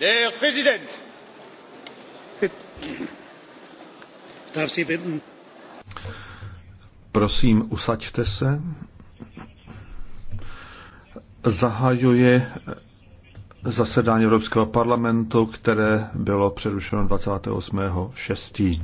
herr präsident! prosím usaďte se. zahajuji zasedání evropského parlamentu které bylo přerušeno. twenty eight. six.